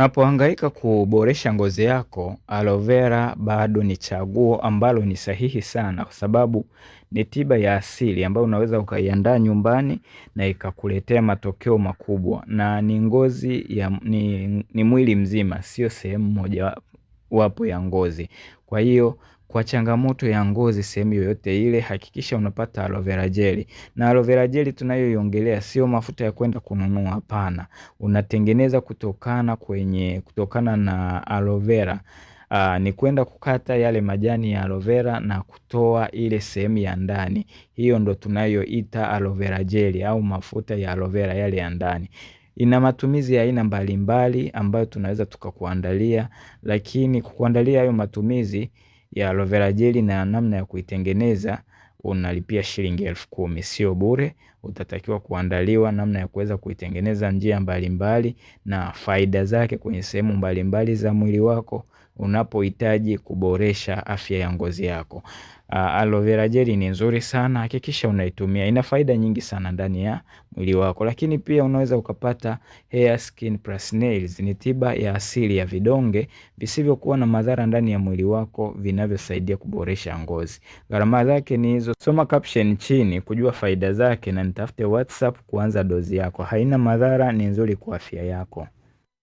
Unapohangaika kuboresha ngozi yako, aloe vera bado ni chaguo ambalo ni sahihi sana kwa sababu ni tiba ya asili ambayo unaweza ukaiandaa nyumbani na ikakuletea matokeo makubwa na ni ngozi ya ni mwili mzima sio sehemu moja wapo ya ngozi. Kwa hiyo kwa changamoto ya ngozi sehemu yoyote ile hakikisha unapata aloe vera jeli. Na aloe vera jeli tunayoiongelea sio mafuta ya kwenda kununua hapana. Unatengeneza kutokana kwenye kutokana na aloe vera. Ni kwenda kukata yale majani ya aloe vera na kutoa ile sehemu ya ndani. Hiyo ndo tunayoita aloe vera jeli au mafuta ya aloe vera yale ya ndani. Ina matumizi ya aina mbalimbali ambayo tunaweza tukakuandalia. Lakini kukuandalia hayo matumizi ya aloe vera jeli na namna ya kuitengeneza unalipia shilingi elfu kumi, sio bure utatakiwa kuandaliwa namna ya kuweza kuitengeneza njia mbalimbali na faida zake kwenye sehemu mbalimbali za mwili wako unapohitaji kuboresha afya ya ngozi yako. Ah, aloe vera jeli ni nzuri sana, hakikisha unaitumia. Ina faida nyingi sana ndani ya mwili wako, lakini pia unaweza ukapata hair, skin plus nails. Ni tiba ya asili ya vidonge visivyokuwa na madhara ndani ya mwili wako vinavyosaidia kuboresha ngozi. Gharama zake ni hizo. Soma caption chini kujua faida zake na nitafute WhatsApp kuanza dozi yako, haina madhara, ni nzuri kwa afya yako.